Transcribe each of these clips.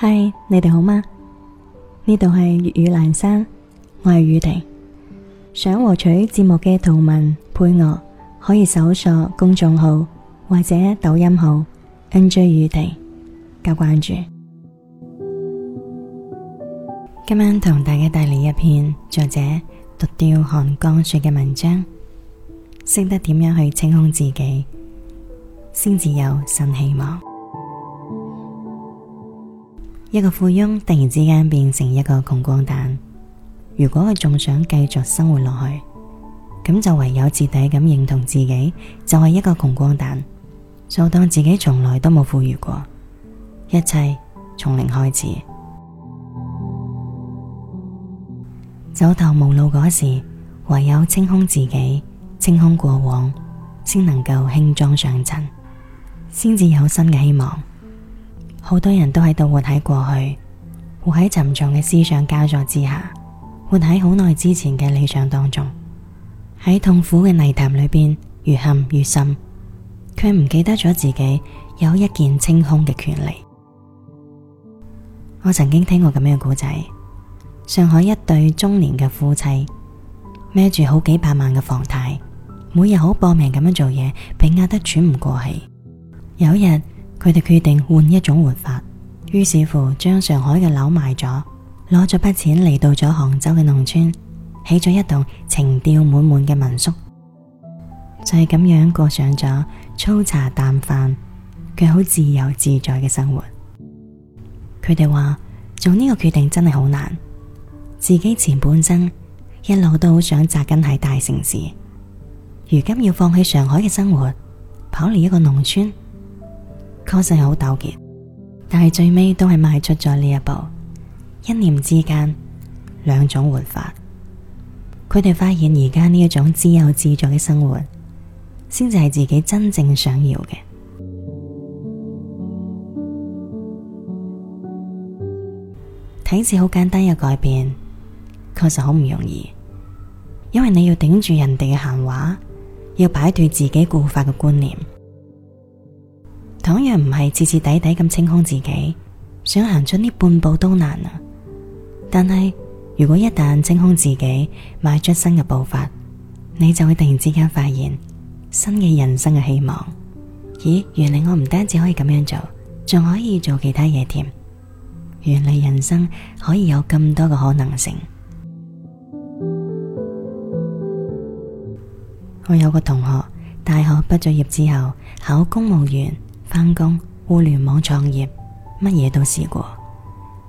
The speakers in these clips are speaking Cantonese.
嗨，Hi, 你哋好嗎？呢度係粵語闌珊，我係宇婷。想獲取節目嘅圖文配樂，可以搜索公眾號或者抖音號 NJ 宇婷加關注。今晚同大家帶嚟一篇作者獨釣寒江雪嘅文章，識得點樣去清空自己，先至有新希望。一個富翁突然之間變成一個窮光蛋，如果佢仲想繼續生活落去，咁就唯有徹底咁認同自己就係一個窮光蛋，就當自己從來都冇富裕過，一切從零開始。走投無路嗰時，唯有清空自己，清空過往，先能夠輕裝上陣，先至有新嘅希望。好多人都喺度活喺過去，活喺沉重嘅思想枷鎖之下，活喺好耐之前嘅理想當中，喺痛苦嘅泥潭裏邊越陷越深，卻唔記得咗自己有一鍵清空嘅權利。我曾經聽過咁樣嘅故仔：上海一對中年嘅夫妻，孭住好幾百萬嘅房貸，每日好搏命咁樣做嘢，被壓得喘唔過氣。有一日，佢哋決定換一種活法，於是乎將上海嘅樓賣咗，攞咗筆錢嚟到咗杭州嘅農村，起咗一棟情調滿滿嘅民宿，就係咁樣過上咗粗茶淡飯，卻好自由自在嘅生活。佢哋話做呢個決定真係好難，自己前半生一路都好想扎根喺大城市，如今要放棄上海嘅生活，跑嚟一個農村。確實係好糾結，但係最尾都係邁出咗呢一步。一念之間，兩種活法。佢哋發現而家呢一種自由自在嘅生活，先至係自己真正想要嘅。睇似好簡單嘅改變，確實好唔容易，因為你要頂住人哋嘅閒話，要擺脫自己固化嘅觀念。唔係徹徹底底咁清空自己，想行出呢半步都難啊！但係如果一旦清空自己，邁出新嘅步伐，你就會突然之間發現新嘅人生嘅希望。咦，原來我唔單止可以咁樣做，仲可以做其他嘢添。原來人生可以有咁多嘅可能性。我有個同學，大學畢咗業之後考公務員。返工、互聯網創業，乜嘢都試過。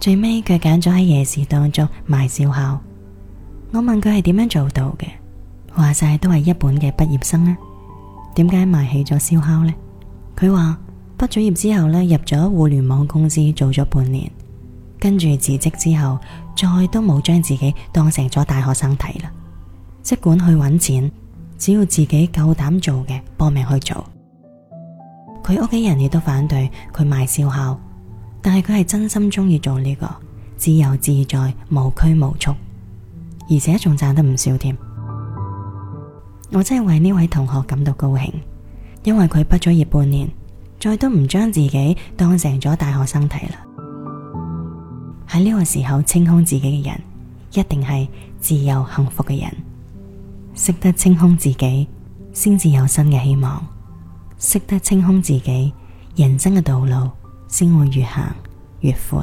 最尾佢揀咗喺夜市當中賣燒烤。我問佢係點樣做到嘅？話晒都係一本嘅畢業生啊。點解賣起咗燒烤呢？佢話畢咗業之後呢，入咗互聯網公司做咗半年，跟住辭職之後，再都冇將自己當成咗大學生睇啦。即管去揾錢，只要自己夠膽做嘅，搏命去做。佢屋企人亦都反對佢賣燒烤，但係佢係真心中意做呢個自由自在、無拘無束，而且仲賺得唔少添。我真係為呢位同學感到高興，因為佢畢咗業半年，再都唔將自己當成咗大學生睇啦。喺呢個時候清空自己嘅人，一定係自由幸福嘅人，識得清空自己，先至有新嘅希望。識得清空自己，人生嘅道路先會越行越闊。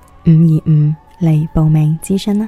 五二五嚟報名諮詢啦！